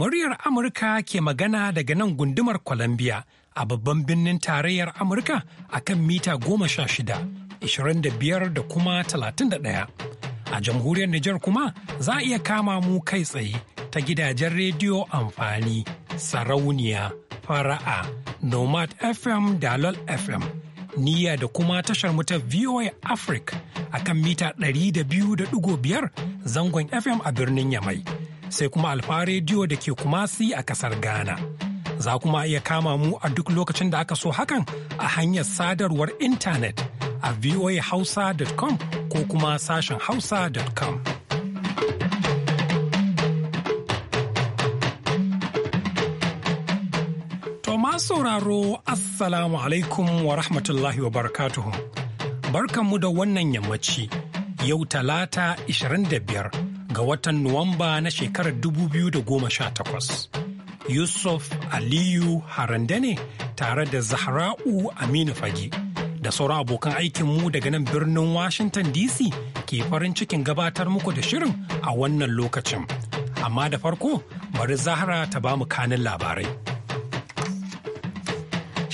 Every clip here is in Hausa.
Muryar Amurka ke magana daga nan gundumar Columbia a babban birnin tarayyar Amurka a kan mita goma sha shida, ishirin da biyar da kuma talatin da ɗaya. A jamhuriyar Nijar kuma za a iya kama mu kai tsaye ta gidajen rediyo amfani, sarauniya, fara'a, Nomad FM da LOL FM. Niyya da kuma tashar mu ta VOA Africa a kan mita 200.5 zangon FM a birnin Yamai. sai kuma Alfa rediyo da ke Kumasi a kasar Ghana. Za kuma iya kama mu a duk lokacin da aka so hakan a hanyar sadarwar intanet a voahausa.com ko kuma sashen hausa.com. Thomas sauraro Assalamu alaikum wa rahmatullahi wa barakatuhu. Barkanmu da wannan yammaci, yau talata 25 ga watan Nuwamba na shekarar 2018. Yusuf Aliyu Harande ne tare da Zahra'u Aminu Fage da sauran abokan aikinmu daga nan birnin Washington DC ke farin cikin gabatar muku da shirin a wannan lokacin. Amma da farko bari Zahra ta ba mu kanin labarai.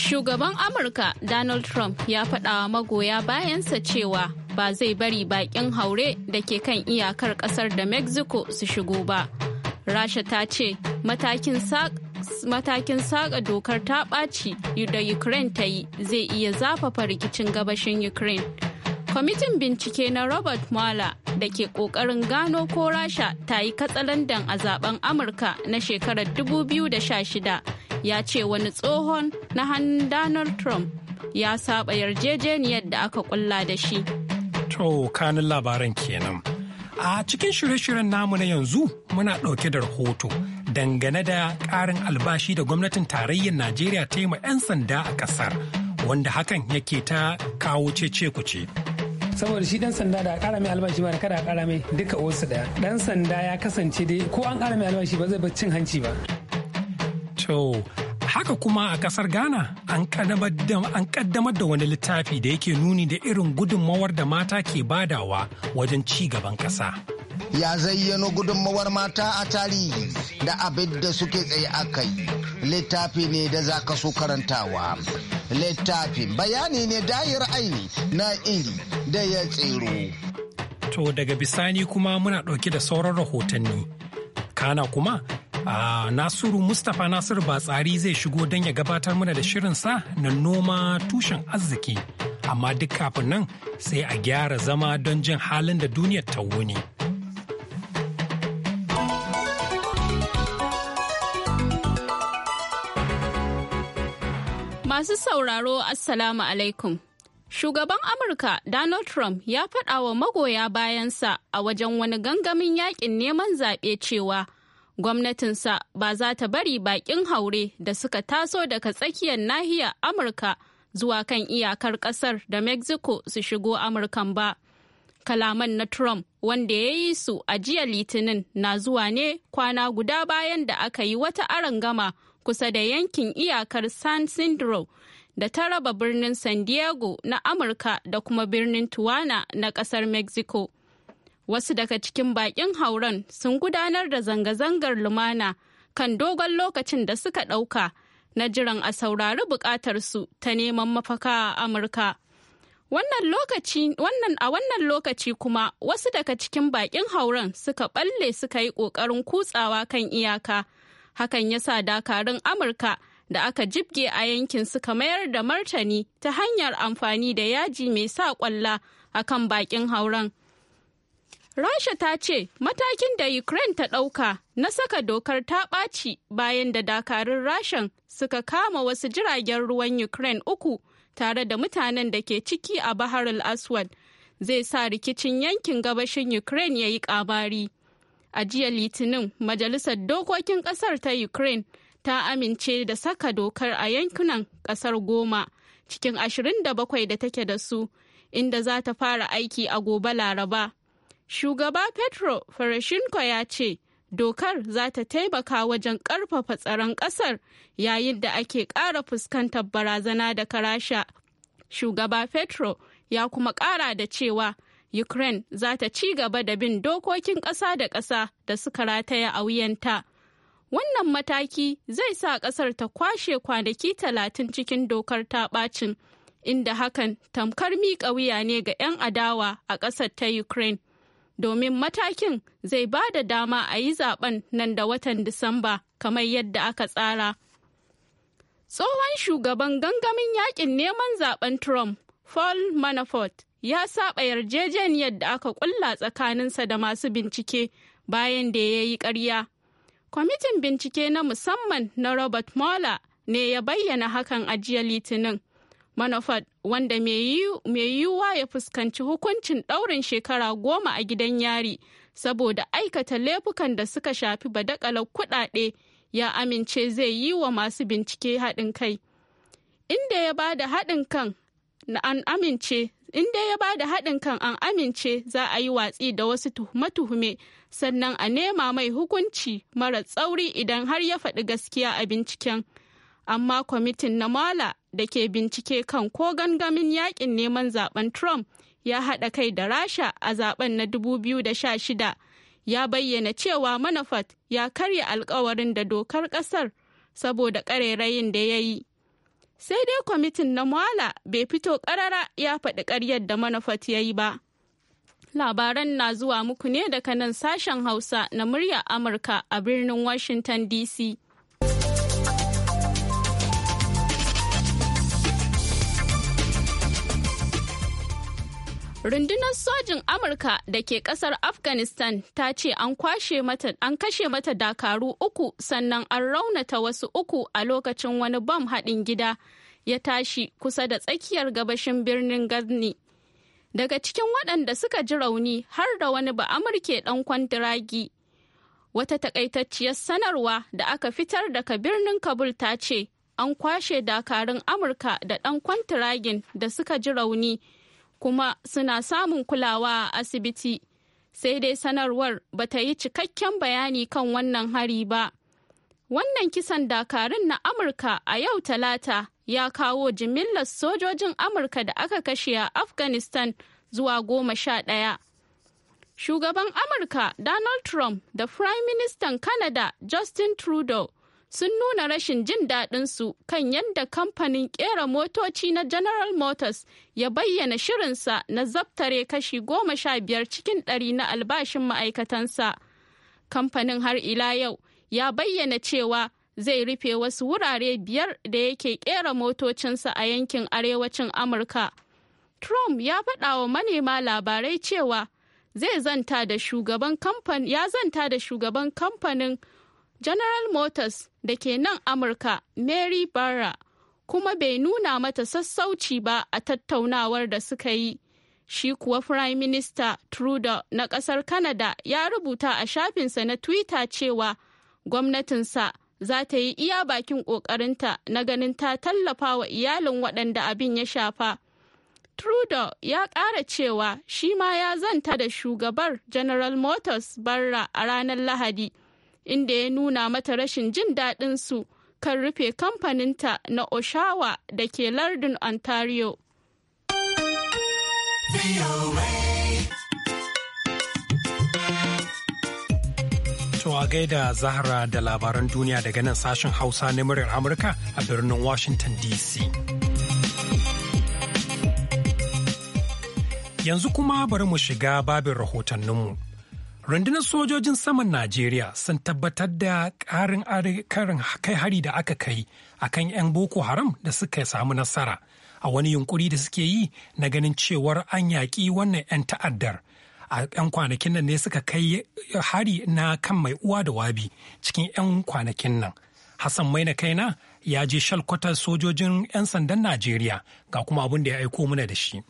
Shugaban Amurka Donald Trump ya faɗawa magoya bayansa cewa ba zai bari bakin haure da ke kan iyakar kasar da mexico su shigo ba rasha ta ce matakin saka dokar ta ɓaci da ukraine ta yi zai iya zafafa rikicin gabashin ukraine kwamitin bincike na robert mueller da ke ƙoƙarin gano ko rasha ta yi katsalandan a zaben amurka na shekarar 2016 ya ce wani tsohon na hannun donald trump ya saba yarjejeniyar da aka kulla da shi To kanin labaran kenan. A cikin shirye-shiryen namu na yanzu muna ɗauke da rahoto dangane da ƙarin albashi da gwamnatin tarayyar Najeriya ta yi ma 'yan sanda a ƙasar wanda hakan yake ta kawo cece ce. saboda shi dan sanda da ƙara mai albashi ba da kada ƙara mai duka wasu daya dan sanda ya kasance dai ko an ƙara mai albashi ba zai bar cin hanci ba. To Haka kuma a kasar Ghana an kaddamar da wani littafi da yake nuni da irin gudunmawar da mata ke badawa wajen ci gaban ƙasa. ya zayyano gudunmawar mata a tarihi da abin da suke tsaye a kai littafi ne da za ka so karantawa Littafi bayani ne dayar aini na iri da ya tsero to daga bisani kuma muna ɗauke da sauran rahotanni kana kuma Ah, Nasiru Mustapha Nasiru Batsari zai shigo don ya gabatar mana da shirin sa na noma tushen arziki. Amma duk kafin nan sai a gyara zama don jin halin da duniyar ta wuni. Masu sauraro Assalamu alaikum. Shugaban Amurka Donald Trump ya faɗa wa magoya bayansa a wajen wani gangamin yakin neman zaɓe cewa gwamnatinsa ba za ta bari bakin haure da suka taso daga tsakiyar nahiyar amurka zuwa kan iyakar kasar da mexico su shigo amurkan ba kalaman na trump wanda ya yi su a jiya litinin na zuwa ne kwana guda bayan da aka yi wata arangama kusa da yankin iyakar san sindro da ta raba birnin san diego na amurka da kuma birnin tuwana na kasar mexico Wasu daga cikin bakin hauren sun gudanar da zanga-zangar lumana kan dogon lokacin da suka ɗauka na jiran a saurari buƙatarsu ta neman mafaka a Amurka. Wannan a wannan lokaci kuma wasu daga cikin bakin hauren suka balle suka yi ƙoƙarin kutsawa kan iyaka. Hakan ya sa dakarun Amurka da aka jibge a yankin suka mayar da martani ta hanyar amfani da yaji mai sa ƙwalla a kan bakin hauren. Rasha ta ce matakin da Ukraine ta ɗauka na saka dokar ta ɓaci bayan da dakarun Rashan suka kama wasu jiragen ruwan Ukraine uku tare da mutanen da ke ciki a Bahar al-Aswad zai sa rikicin yankin gabashin Ukraine ya yi ƙabari. A jiya Litinin, Majalisar Dokokin Ƙasar ta Ukraine ta amince da saka dokar a yankunan ƙasar goma cikin 27 da take da su, inda za ta fara aiki a gobe Laraba. Shugaba Petro Farashinko ya ce dokar za ta taimaka wajen ƙarfafa tsaron ƙasar yayin da ake ƙara fuskantar barazana da karasha. Shugaba Petro ya kuma ƙara da cewa Ukraine za ta ci gaba da bin dokokin ƙasa da ƙasa da suka rataya a wuyanta. Wannan mataki zai sa ƙasar ta kwashe kwanaki talatin cikin dokar ta ɓacin, inda hakan tamkar miƙa wuya ne ga 'yan adawa a ƙasar ta Ukraine. domin matakin zai ba da dama a yi zaben nan da watan Disamba kamar yadda aka tsara. Tsohon shugaban gangamin yakin neman zaben Trump, Paul Manafort, ya saba yarjejeniyar da aka kulla tsakaninsa da masu bincike bayan da ya yi ƙarya. Kwamitin bincike na musamman na Robert Mueller ne ya bayyana hakan a jiya Litinin. manafat wanda mai yiwuwa ya fuskanci hukuncin ɗaurin shekara goma a gidan yari saboda aikata laifukan da suka shafi badakalar kuɗaɗe ya amince zai yi wa masu bincike haɗin kai. Inda ya ba da haɗin kan an amince inda ya ba da haɗin kan an amince za a yi watsi da wasu tuhume-tuhume sannan a nema mai hukunci mara tsauri idan har ya faɗi gaskiya a binciken. amma kwamitin na mala da ke bincike kan ko gangamin yakin neman zaben Trump ya haɗa kai da Rasha a zaben na 2016 ya bayyana cewa manafat ya karya alkawarin da dokar ƙasar saboda ƙarerayin da ya yi. Sai dai kwamitin na Mwala bai fito ƙarara ya faɗi ƙaryar da manafat ya yi ba. Labaran na zuwa muku ne daga nan sashen Hausa na murya Amurka a birnin Washington DC. Rundunar sojin Amurka da ke kasar Afghanistan ta ce an kwashe mata an kashe mata dakaru uku sannan an raunata wasu uku a lokacin wani bam haɗin gida ya tashi kusa da tsakiyar gabashin birnin Ghazni. Daga cikin waɗanda suka ji rauni har da wani ba Amurke ɗan kwantiragi. Wata takaitacciyar sanarwa da aka fitar daga birnin Kabul ta ce an kwashe dakarun Amurka da ɗan kwantiragin da suka ji rauni. kuma suna samun kulawa a asibiti sai dai sanarwar ba ta yi cikakken bayani kan wannan hari ba wannan kisan dakarun na amurka a yau talata ya kawo jimillar sojojin amurka da aka kashe a afghanistan zuwa goma sha ɗaya shugaban amurka donald trump da prime minister canada justin trudeau sun nuna rashin jin daɗinsu kan yadda kamfanin ƙera motoci na General Motors ya bayyana shirinsa na zabtare kashi goma sha biyar cikin ɗari na albashin ma'aikatansa. Kamfanin har ila yau ya bayyana cewa zai rufe wasu wurare biyar da yake ƙera motocinsa a yankin arewacin Amurka. Trump ya faɗa wa manema labarai cewa zai ya zanta da shugaban kamfanin General Motors da ke nan Amurka Mary Barra kuma bai nuna mata sassauci ba a tattaunawar da suka yi. Shi kuwa Prime Minister Trudeau na ƙasar Canada ya rubuta a shafinsa na Twitter cewa gwamnatinsa za ta yi iya bakin ƙoƙarinta na ganin ta tallafa wa iyalin waɗanda abin ya shafa. Trudeau ya ƙara cewa shi ma ya zanta da shugabar General Motors Barra a ranar Lahadi inda ya nuna mata rashin jin daɗin su kan rufe kamfaninta na Oshawa da ke lardin Ontario. To gaida Zahra da labaran duniya daga nan sashen Hausa na muryar Amurka a birnin Washington DC. Yanzu kuma bari mu shiga babin rahotanninmu. rundunar sojojin saman najeriya sun tabbatar da karin karin kai hari da aka kai a kan 'yan boko haram da suka samu nasara a wani yunkuri da suke yi na ganin cewar an yaƙi wannan 'yan ta'addar a 'yan kwanakin nan ne suka kai hari na kan mai uwa da wabi cikin 'yan kwanakin nan hassan maina kaina ya je shalkwatar sojojin 'yan sandan najeriya ga kuma abin da ya aiko mana da shi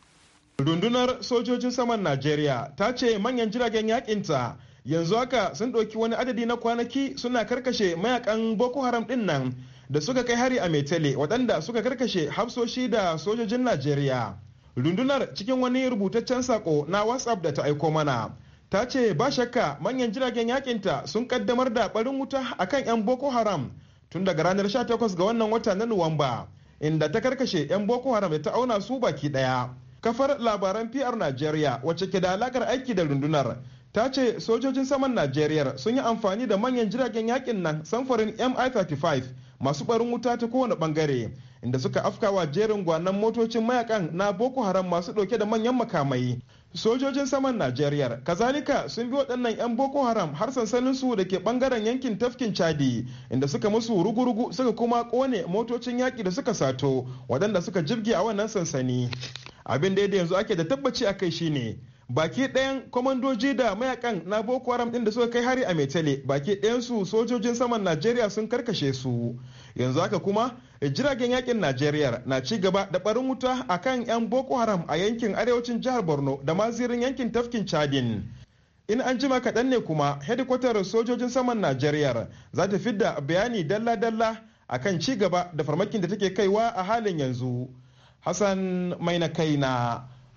rundunar sojojin saman najeriya ta ce manyan jiragen yakinta yanzu haka sun ɗauki wani adadi na kwanaki suna karkashe mayakan boko haram ɗin nan da suka kai hari a metele waɗanda suka karkashe hafsoshi da sojojin najeriya rundunar cikin wani rubutaccen sako na whatsapp da ta aiko mana ta ce ba shakka manyan jiragen yakinta sun kaddamar da barin wuta akan 'yan boko haram tun daga ranar 18 ga wannan wata na nuwamba inda ta karkashe 'yan boko haram da ta auna su baki ɗaya Kafar labaran PR Najeriya wacce ke da alakar aiki da rundunar ta ce sojojin saman Najeriya sun yi amfani da manyan jiragen yakin nan samfurin MI-35 masu barin wuta ta kowane bangare inda suka afkawa jerin gwanan motocin mayakan na Boko Haram masu ɗauke da manyan makamai. sojojin saman najeriya kazalika sun bi waɗannan 'yan boko haram har sansanin su da ke ɓangaren yankin tafkin chadi inda suka musu rugurugu suka kuma ƙone motocin yaƙi da suka sato waɗanda suka jibge a wannan sansani abin da yanzu ake da tabbaci a kai shine baki ɗayan kwamandoji da mayakan na boko haram ɗin da suka kai hari a metele baki ɗayansu sojojin saman najeriya sun karkashe su yanzu haka kuma jiragen yakin najeriya na ci gaba da barin wuta a kan 'yan boko haram a yankin arewacin jihar borno da mazirin yankin tafkin chadin in an jima kaɗan ne kuma hedikwatar sojojin saman najeriya za ta fidda bayani dalla-dalla akan ci gaba da farmakin da take kaiwa a halin yanzu Hassan maina kaina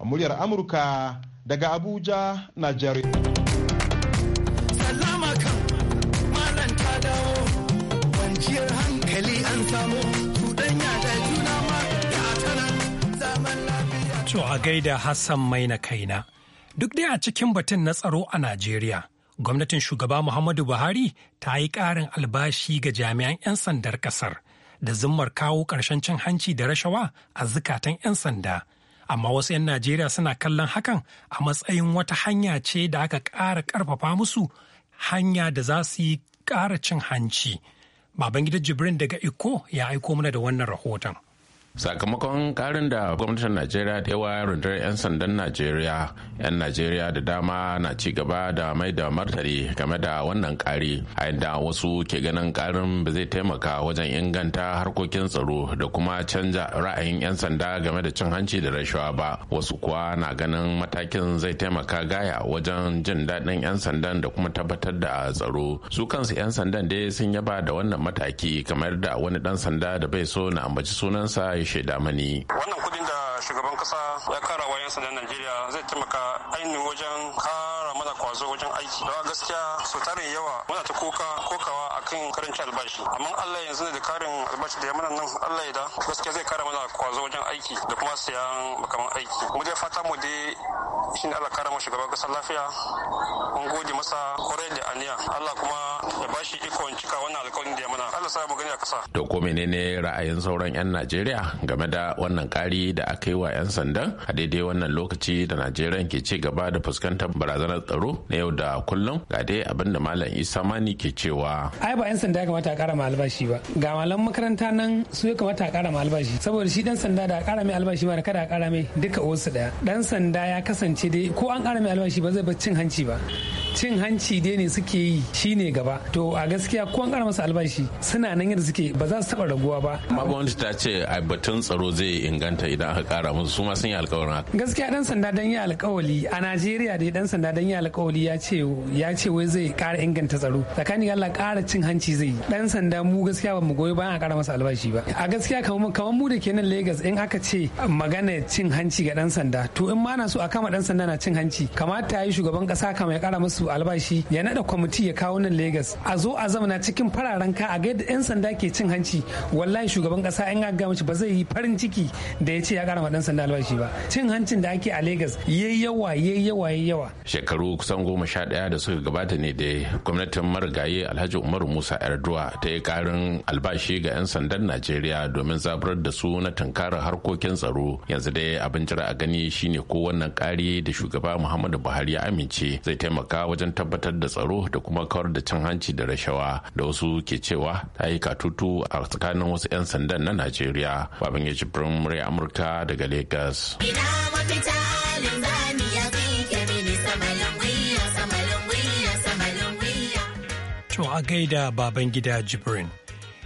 muryar Amurka daga Abuja, Najeriya. ta dawo, kwanciyar hankali an samo. To a gaida Hassan maina kaina. Duk dai a cikin batun na tsaro a Najeriya. Gwamnatin shugaba Muhammadu Buhari ta yi ƙarin albashi ga jami'an 'yan sandar ƙasar. da zimmar kawo ƙarshen cin hanci da rashawa a zukatan 'yan sanda. Amma wasu 'yan Najeriya suna kallon hakan a matsayin wata hanya ce da aka ƙara ƙarfafa musu hanya da za su yi ƙara cin hanci. Babangida Jibrin daga Iko ya aiko mana da wannan rahoton. sakamakon karin da gwamnatin najeriya ta yawa rundunar 'yan sandan najeriya 'yan najeriya da dama na ci gaba da mai da martani game da wannan kari a yadda wasu ke ganin karin ba zai taimaka wajen inganta harkokin tsaro da kuma canja ra'ayin 'yan sanda game da cin hanci da rashawa ba wasu kuwa na ganin matakin zai taimaka gaya wajen jin daɗin 'yan sandan da kuma tabbatar da tsaro su kansu 'yan sandan dai sun yaba da wannan mataki kamar da wani ɗan sanda da bai so na ambaci sunansa ya shaida mani. Wannan kudin da shugaban kasa ya kara wa 'yan Najeriya zai taimaka ainihin wajen kara mana kwazo wajen aiki. Don gaskiya su tarin yawa muna ta koka kokawa akan karancin albashi. Amma Allah yanzu da karin albashi da ya mana nan Allah ya da gaskiya zai kara mana kwazo wajen aiki da kuma sayan makaman aiki. Mu dai fata mu dai shi Allah kara mu shugaban kasa lafiya. Mun gode masa kwarai da aniya. Allah kuma ba shi ikon cika wannan alkawarin da ya mana Allah sa mu gani a kasa to ko menene ra'ayin sauran yan Najeriya game da wannan kari da aka yi wa yan sandan a daidai wannan lokaci da Najeriya ke ci gaba da fuskantar barazanar tsaro na yau da kullum ga dai abinda malam Isa Mani ke cewa ai ba yan sanda ya kamata a ƙara ma albashi ba ga malam makaranta nan su ya kamata a ƙara ma albashi saboda shi dan sanda da ƙara mai albashi ba da kada a ƙara mai duka wasu daya dan sanda ya kasance dai ko an ƙara mai albashi ba zai bar cin hanci ba cin hanci dai ne suke yi shine gaba to a gaskiya ko an kara masa albashi suna nan yadda suke ba za su taba raguwa ba amma gwamnati ta ce a batun tsaro zai inganta idan aka kara musu su ma sun yi alkawarin haka gaskiya dan sanda dan yi alkawali a Najeriya dai dan sanda dan yi alkawali ya ce ya ce wai zai kara inganta tsaro tsakanin Allah kara cin hanci zai yi dan sanda mu gaskiya ba mu goyi bayan a kara masa albashi ba a gaskiya kamar mu da ke nan Lagos in aka ce magana cin hanci ga dan sanda to in ma na so a kama dan sanda na cin hanci kamata ya yi shugaban kasa kama ya kara masa su albashi ya nada kwamiti ya kawo nan Legas a zo a zamana cikin fararen ka a ga yadda 'yan sanda ke cin hanci wallahi shugaban kasa yan aka mishi ba zai yi farin ciki da ya ce ya kara dan sanda albashi ba cin hancin da ake a Legas yayi yawa yayi yawa yayi yawa shekaru kusan goma sha ɗaya da suka gabata ne da gwamnatin marigayi Alhaji Umaru Musa Yar'adua ta yi karin albashi ga 'yan sandan Najeriya domin zaburar da su na tunkarar harkokin tsaro yanzu dai abin jira a gani shine ko wannan kari da shugaba Muhammadu Buhari ya amince zai taimaka wajen tabbatar da tsaro da kuma kawar da cin hanci da rashawa da wasu ke cewa ta yi katutu a tsakanin wasu 'yan sandan na najeriya babin ya jibrin murya amurka daga lagos To a gaida baban gida Jibrin.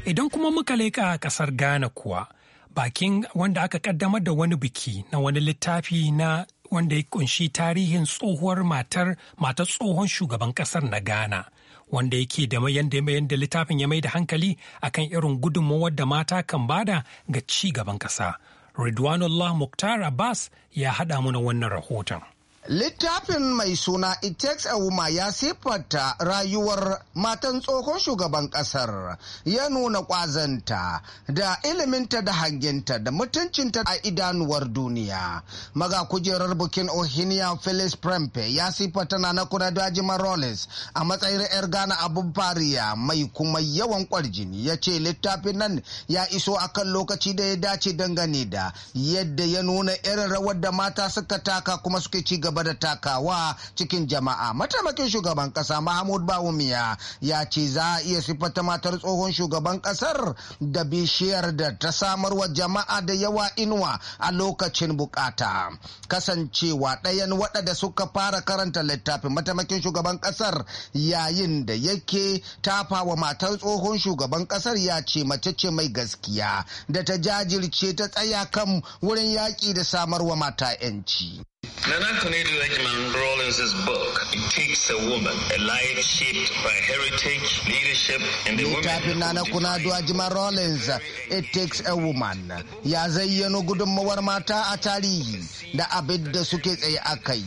Idan kuma muka leƙa ƙasar Ghana kuwa, bakin wanda aka ƙaddamar da wani biki na wani littafi na wanda ya kunshi tarihin tsohuwar matar matar tsohon shugaban kasar na ghana wanda yake da mayan da littafin ya mai da hankali akan irin gudunmawar da mata kan bada ga ci gaban kasa ridwanullah muktar abbas ya haɗa muna wannan rahoton Littafin mai suna It Takes a Woman ya sifata rayuwar matan tsohon shugaban kasar ya nuna kwazanta da iliminta da hangenta da mutuncinta a idanuwar duniya. Maga kujerar bukin Ohinia Phyllis Prempe ya siffanta na kuna daji marolis a matsayin 'yar Ghana abun fariya mai kuma yawan kwarjini ya ce littafin nan ya iso akan lokaci da ya dace dangane da yadda ya nuna irin rawar da mata suka taka kuma suke ci gaba gaba da takawa cikin jama'a mataimakin shugaban kasa mahmud bawumiya ya ce za a iya ta matar tsohon shugaban kasar da bishiyar da ta samarwa jama'a da yawa inuwa a lokacin bukata kasancewa ɗayan waɗanda suka fara karanta littafin mataimakin shugaban kasar yayin da yake tafa wa matar tsohon shugaban kasar ya ce mace ce mai gaskiya da ta jajirce ta tsaya kan wurin yaƙi da samarwa mata 'yanci. Nana Anthony Edgeman Rollins' book, It Takes a Woman, a Life Shaped by Heritage, Leadership, and the Littafin na na kuna Duwajima Rollins, It Takes a Woman, ya zayyano gudunmawar mata a tarihi da abin da suke tsaye a kai.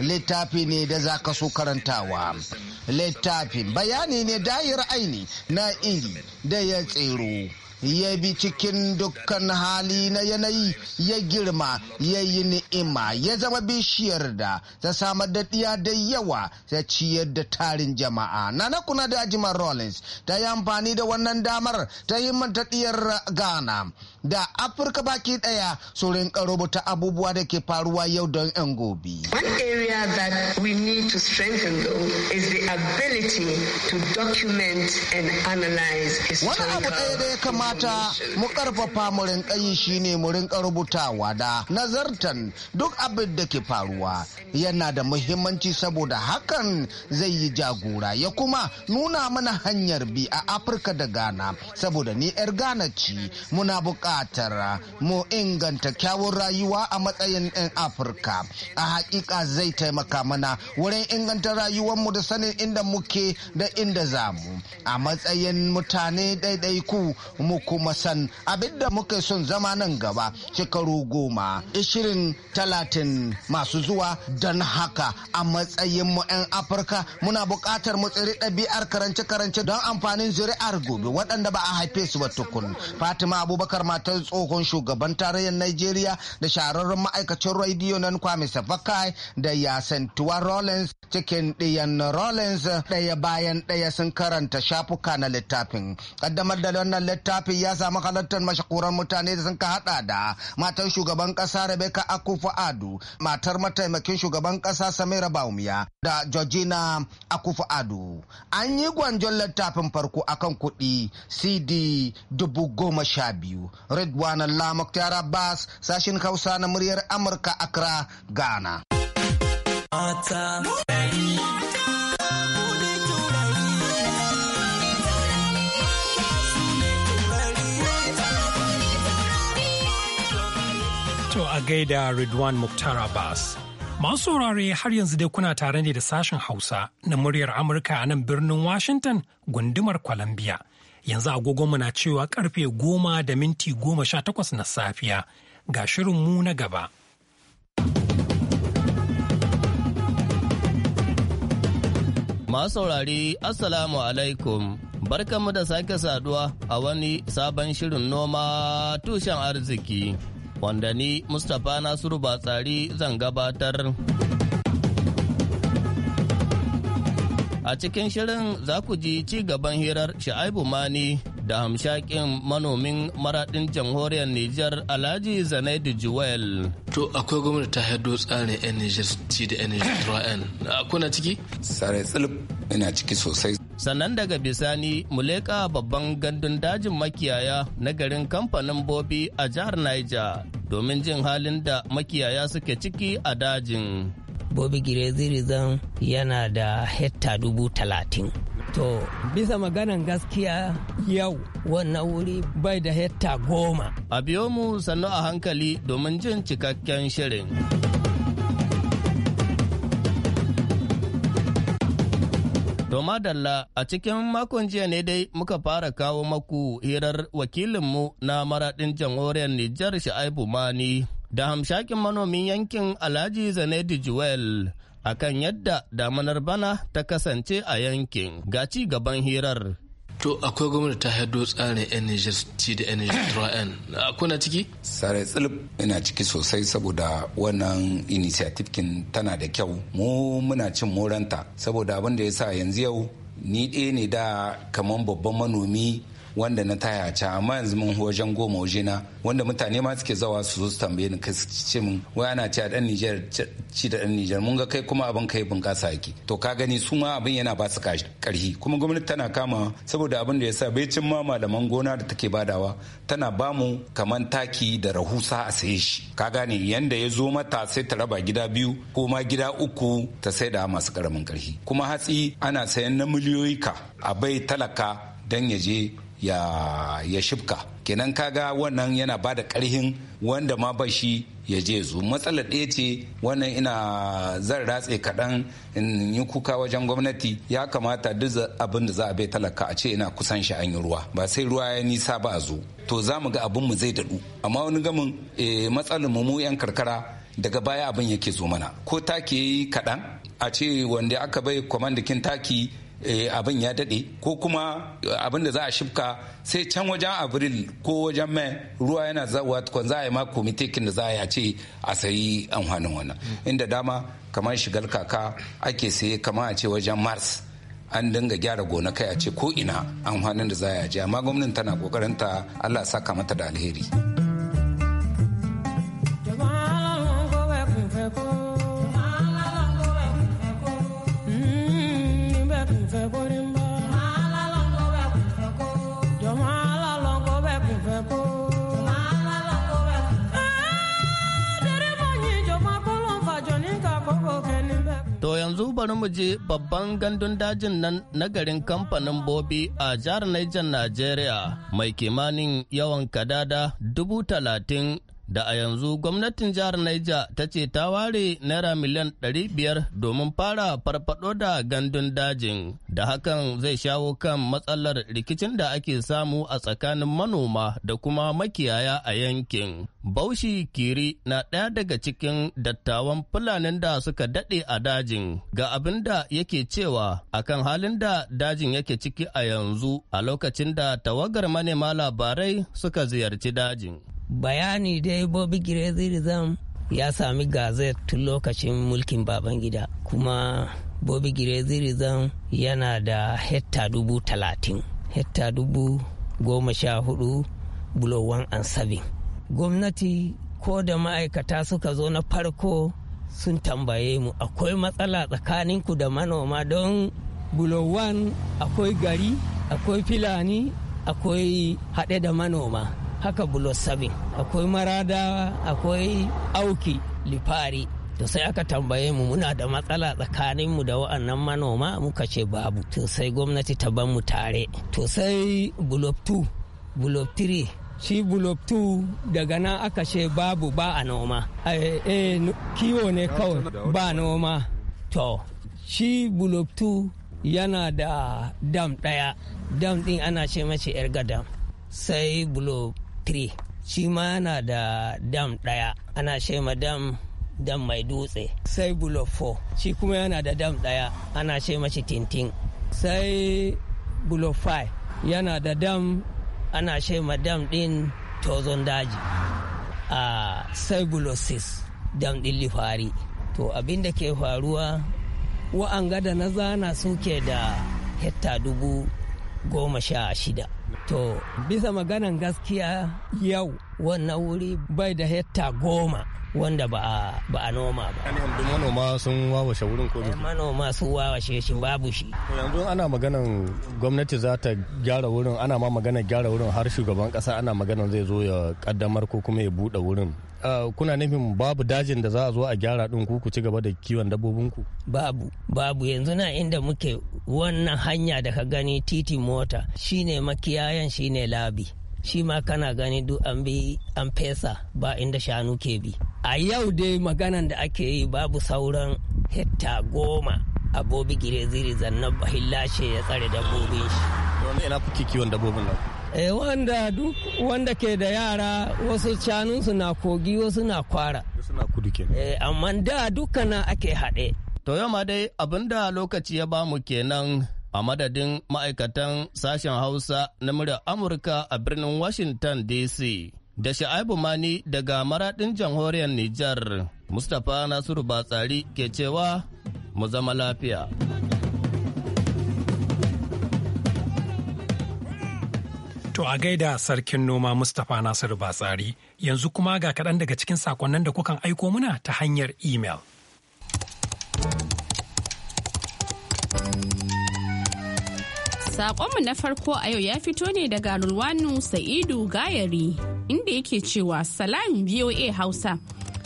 Littafi ne da za ka so karantawa. Littafin bayani ne dayar aini na iri da ya tsero. ya bi cikin dukkan hali na yanayi ya girma ya yi ni'ima ya zama bishiyar da ta samar da ɗiya da yawa ta ciyar da tarin jama'a na na kuna da ajima rollins ta yi amfani da wannan damar ta manta ɗiyar ghana da afirka baki daya su rinka rubuta abubuwa da ke faruwa yau don 'yan gobe wani abu ɗaya da ya kamata mu karfafa mu rinka yi shine mu rinka rubutawa da nazartan duk abin da ke faruwa yana da muhimmanci saboda hakan zai yi jagora ya kuma nuna mana hanyar bi a afirka da ghana saboda ni 'yar ghana ci muna buƙatar buƙatar ah, mu inganta kyawun rayuwa a matsayin 'yan afirka a hakika zai taimaka mana wurin inganta rayuwarmu da sanin inda muke da inda zamu a matsayin mutane ɗaiɗaiku mu kuma san abinda muke son zama nan gaba shekaru goma ishirin talatin masu zuwa don haka a matsayin mu 'yan afirka muna buƙatar mu tsiri ɗabi'ar karance-karance don amfanin zuri'ar gobe waɗanda ba a haife su ba tukun fatima abubakar ma matar tsohon shugaban tarayyar Najeriya da shahararren ma'aikacin rediyo nan Kwame Safakai da Yasantuwa Rollins cikin ɗiyan Rollins ɗaya bayan ɗaya sun karanta shafuka na littafin. Kaddamar da wannan littafin ya samu halartar mashakuran mutane da sun ka haɗa da matar shugaban ƙasa Rebecca Akufo Addo, matar mataimakin shugaban ƙasa Samira Baumiya da Georgina Akufo Addo. An yi gwanjon littafin farko akan kuɗi CD dubu goma sha biyu Ridwan Allah Muktar Abbas sashin Hausa na muryar Amurka Accra, Ghana. To a gaida Ridwan Muktar Abbas. Masu saurare har yanzu dai kuna tare ne da sashen Hausa na muryar Amurka a nan birnin Washington gundumar Columbia. yanzu agogonmu na cewa karfe goma da minti goma sha takwas na safiya ga shirin mu na gaba. Masaurari saurari Assalamu alaikum barkanmu da sake saduwa a wani sabon shirin noma tushen arziki wanda ni Mustapha Nasiru Batsari zan gabatar. A cikin shirin za ku ji ci gaban hirar Sha'aibu Mani da hamshakin manomin maradin jamhuriyar Nijar Alhaji Zanaidu Juwel. To akwai gwamnati ta hado tsarin yan Nijar ci da yan Nijar Ra'an. Kuna ciki? Sare tsilip ina ciki sosai. Sannan daga bisani mu leƙa babban gandun dajin makiyaya na garin kamfanin Bobi a jihar Niger domin jin halin da makiyaya suke ciki a dajin. bobi zan yana da hekta dubu talatin to bisa maganan gaskiya yau wannan wuri bai da hekta goma a biyo mu sannu a hankali domin jin cikakken shirin Doma Dalla a cikin makon jiya ne dai muka fara kawo maku hirar wakilinmu na maraɗin jamhuriyar Nijar Sha'ibu Mani da hamshakin manomin yankin Alhaji Zanedi Juwel a kan yadda damanar bana ta kasance a yankin ga ci gaban hirar. To akwai gwamnati ta haɗo tsarin ci da NHSTRN kuna ciki? Sare tsilip ina ciki sosai saboda wannan initiative kin tana da kyau. Mu muna cin moranta saboda abin da ya sa yanzu yau ni ɗaya ne da kamar babban manomi wanda na taya ta amma yanzu mun wajen goma waje na wanda mutane ma suke zawa su zo su tambaye ni ka ce min wai ana ci a dan Niger ci da dan Niger mun ga kai kuma abin kai bunƙasa yake to ka gani su ma abin yana ba su karhi kuma gwamnati tana kama saboda abin da yasa bai cin ma malaman gona da take badawa tana ba mu kaman taki da rahusa a saye shi ka gane yanda ya zo mata sai ta raba gida biyu ko ma gida uku ta sai da masu karamin karhi kuma hatsi ana sayan na miliyoyi ka a bai talaka dan ya je ya, ya shifka kenan kaga wannan yana ba da karhin wanda ma ba shi ya je zu matsalar ɗaya ce wannan ina zan ratse kaɗan in yi kuka wajen gwamnati ya kamata duk abin da za a bai talaka a ce ina kusan shi an yi ruwa ba sai ruwa ya nisa ba a zo to za mu ga abin mu zai daɗu amma wani gamin eh, matsalar mu 'yan karkara daga baya abin yake zo mana ko taki yi kaɗan a ce wanda aka bai kwamandakin taki Eh, abin ya daɗe ko kuma eh, abin da za a shifka sai can wajen abril ko wajen mai ruwa yana zawa kwan za a yi ma komitekin da za a ce a sayi amfanin wannan inda dama kamar shigar kaka ake saye kamar a ce wajen mars an dinga gyara gona gonakai a ce ko ina amfanin da za a ji amma gwamnatin tana kokarin ta allah saka mata da alheri. To yanzu bari mu je babban gandun dajin nan na garin kamfanin Bobi a jihar Niger Najeriya mai kimanin yawan kadada dubu talatin da a yanzu gwamnatin jihar Niger ta ce ta ware naira miliyan 500 domin fara farfado da gandun dajin da hakan zai shawo kan matsalar rikicin da ake samu a tsakanin manoma da kuma makiyaya a yankin. Baushi Kiri na ɗaya daga cikin dattawan Fulanin da suka daɗe a dajin ga abin da yake cewa akan halin da dajin yake ciki a yanzu a lokacin da tawagar manema labarai suka ziyarci dajin. bayani dai bobi girezizam ya sami gazet tun lokacin mulkin babangida kuma bobi girezizam yana da hekta dubu talatin hekta dubu goma sha hudu bulowan an seven. gwamnati ko da ma'aikata suka zo na farko sun tambaye mu akwai matsala tsakaninku da manoma don bulowan akwai gari akwai filani akwai haɗe da manoma haka bulo sabin akwai marada akwai auki lifari to sai aka tambaye mu muna da matsala tsakanin mu da wa'annan manoma muka ce babu to sai gwamnati ta ban mu tare to sai bulob 2 bulob 3 shi bulop 2 daga nan aka ce babu ba a noma eh, eh, kiwo ne kawai ba noma to shi bulop 2 yana da dam ɗaya dam ɗin ana ce mace yar gadam sai bulo 3 shi ma yana da dam ɗaya ana ma dam dam mai dutse sai bulo 4 shi kuma yana da dam ɗaya ana ma shi tintin sai bulo 5 yana da dam ana ma dam ɗin tozon daji a sai bulo 6 dam ɗin lifari to abin da ke faruwa wa'anga da na zana suke da hekta dubu goma sha shida To, bisa maganan gaskiya yau wannan wuri bai da hekta goma wanda ba a noma ba. Yanzu manoma sun wawashe wurin ko eh, Manoma sun wawashe shi babu shi. Yanzu ana maganan gwamnati za ta gyara wurin ana ma maganan gyara wurin har shugaban kasa ana maganan zai zo ya kaddamar ko kuma ya buɗe wurin Eh, kuna nufin babu dajin da za a zo a gyara din ku ci gaba da kiwon dabbobin ku babu babu yanzu na inda muke wannan hanya da ka gani titi mota shine makiyayan shine labi shi ma kana gani duk an bi an fesa ba inda shanu ke bi a yau dai maganan da ake yi babu sauran hekta goma a bobi gire ziri zannan bahillashe ya tsare dabbobin shi ina kuke kiwon dabbobin nan e wanda duk wanda ke da yara wasu canunsu na kogi wasu na kwara eh, amma da dukkana ake haɗe to yau ma dai da lokaci ya bamu kenan a madadin ma'aikatan sashen hausa na muryar amurka a birnin washington dc da sha'aibu mani daga maradin jamhuriyar nijar mustapha nasiru batsari ke cewa mu zama lafiya. To a gaida sarkin noma Mustapha Nasiru Batsari yanzu kuma ga kaɗan daga cikin sakonnin da kukan aiko muna ta hanyar email. Saƙonmu na farko a yau ya fito ne daga Rulwanu Sa'idu Gayari inda yake cewa Salam boa Hausa.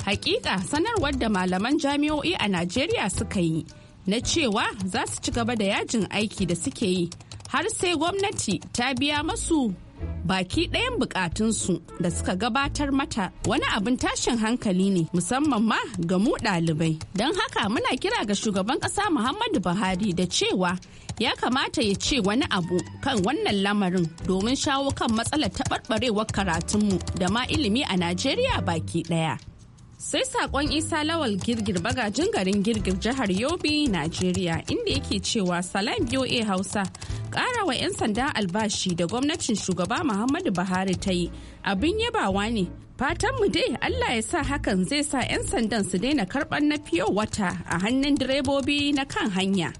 Hakika sanarwar da malaman jami'o'i a Najeriya suka yi na cewa za su ci gaba da yajin aiki da suke yi har sai gwamnati ta biya masu baki ɗayan bukatunsu da suka gabatar mata wani abin tashin hankali ne musamman ma ga mu ɗalibai don haka muna kira ga shugaban ƙasa muhammadu buhari da cewa ya kamata ya ce wani abu kan wannan lamarin domin shawo kan matsalar taɓarɓarewar karatunmu da ma ilimi a najeriya baki ɗaya sai sakon isa lawal girgir bagajin garin girgir jihar yobe najeriya inda yake cewa salam voa hausa kara wa 'yan sanda albashi da gwamnatin shugaba muhammadu buhari ta yi abin yabawa ne fatanmu dai allah ya sa hakan zai sa 'yan sandan su daina karɓar na fiyo wata a hannun direbobi na kan hanya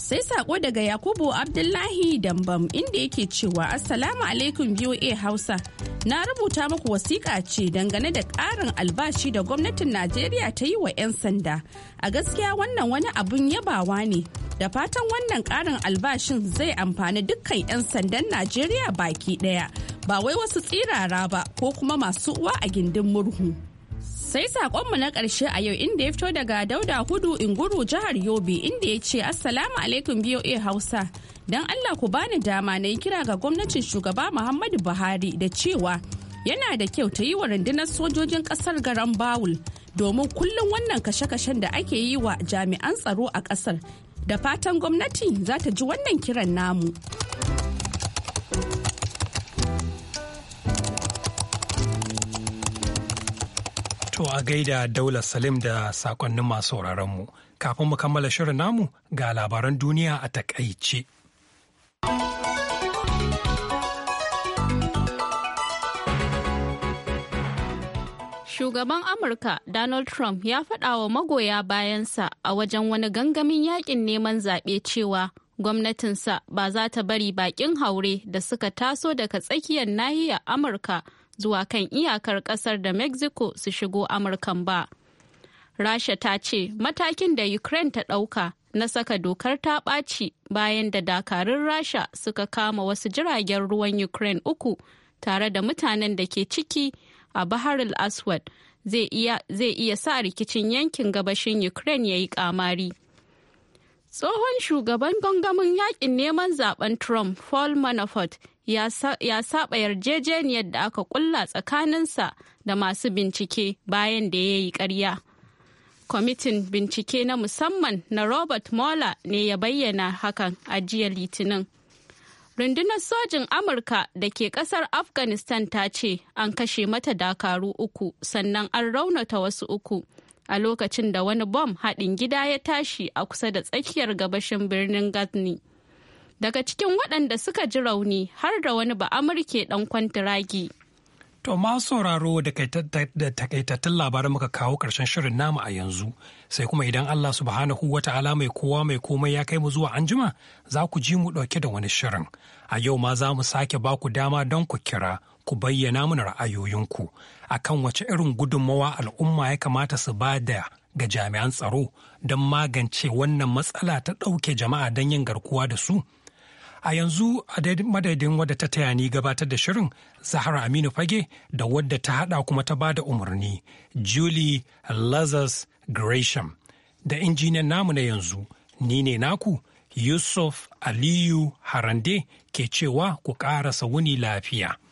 sai sako daga yakubu abdullahi dambam inda yake cewa assalamu alaikum voa hausa na rubuta muku wasiƙa ce dangane da ƙarin albashi da gwamnatin najeriya ta yi wa 'yan sanda a gaskiya wannan wani abun yabawa ne da fatan wannan ƙarin albashin zai amfani dukkan 'yan sandan najeriya baki ɗaya ba wai wasu tsirara ba ko kuma masu uwa a gindin murhu Sai saƙonmu na ƙarshe a yau inda ya fito daga Dauda Hudu Inguru jihar Yobe inda ya ce Assalamu alaikum BOA Hausa. Don Allah ku bani dama na yi kira ga gwamnatin shugaba Muhammadu Buhari da cewa yana da kyau ta yi wa rundunar sojojin kasar garan Bawul domin kullum wannan kashe-kashen da ake yi wa jami'an tsaro a kasar Da fatan gwamnati za ta ji wannan kiran namu. To a gaida Daula Salim da sakonnin masu mu kafin mu kammala shirin namu ga labaran duniya a takaice. Shugaban Amurka Donald Trump ya faɗa wa magoya bayansa a wajen wani gangamin yakin neman zaɓe cewa gwamnatinsa ba za ta bari baƙin haure da suka taso daga tsakiyar nahiyar Amurka zuwa kan iyakar kasar da Mexico su shigo Amurkan ba. Rasha ta ce matakin da Ukraine ta ɗauka na saka dokar ta ɓaci bayan da dakarun Rasha suka kama wasu jiragen ruwan Ukraine uku tare da mutanen da ke ciki a Bahar al-Aswad zai iya sa rikicin yankin gabashin Ukraine ya yi ƙamari. tsohon shugaban gangamin yakin neman zaben trump paul manafort ya saba yarjejeniyar da aka kulla tsakaninsa da masu bincike bayan da ya yi karya kwamitin bincike na musamman na robert mueller ne ya bayyana hakan a jiya litinin rundunar sojin amurka da ke kasar afghanistan ta ce an kashe mata dakaru uku sannan an raunata wasu uku a lokacin da wani bom haɗin gida ya tashi a kusa da tsakiyar gabashin birnin Ghazni. Daga cikin waɗanda suka ji rauni har da wani ba'amurke ɗan kwantiragi. To ma sauraro da takaitattun labarin muka kawo ƙarshen shirin namu a yanzu sai kuma idan Allah subhanahu wa ta'ala mai kowa mai komai ya kai mu zuwa anjima za ku ji mu ɗauke da wani shirin. A yau ma za mu sake baku dama don ku kira ku bayyana mana ra'ayoyinku a kan wace irin gudunmawa al'umma ya kamata su ba da ga jami'an tsaro don magance wannan matsala ta ɗauke jama'a don yin garkuwa da su. A yanzu a madadin wadda ta taya ni gabatar da shirin Zahra Aminu Fage da wadda ta haɗa kuma ta ba da umarni Julie Lazarus Gresham da injiniyan namu na yanzu ni ne naku Yusuf Aliyu Harande ke cewa ku ƙarasa wuni lafiya.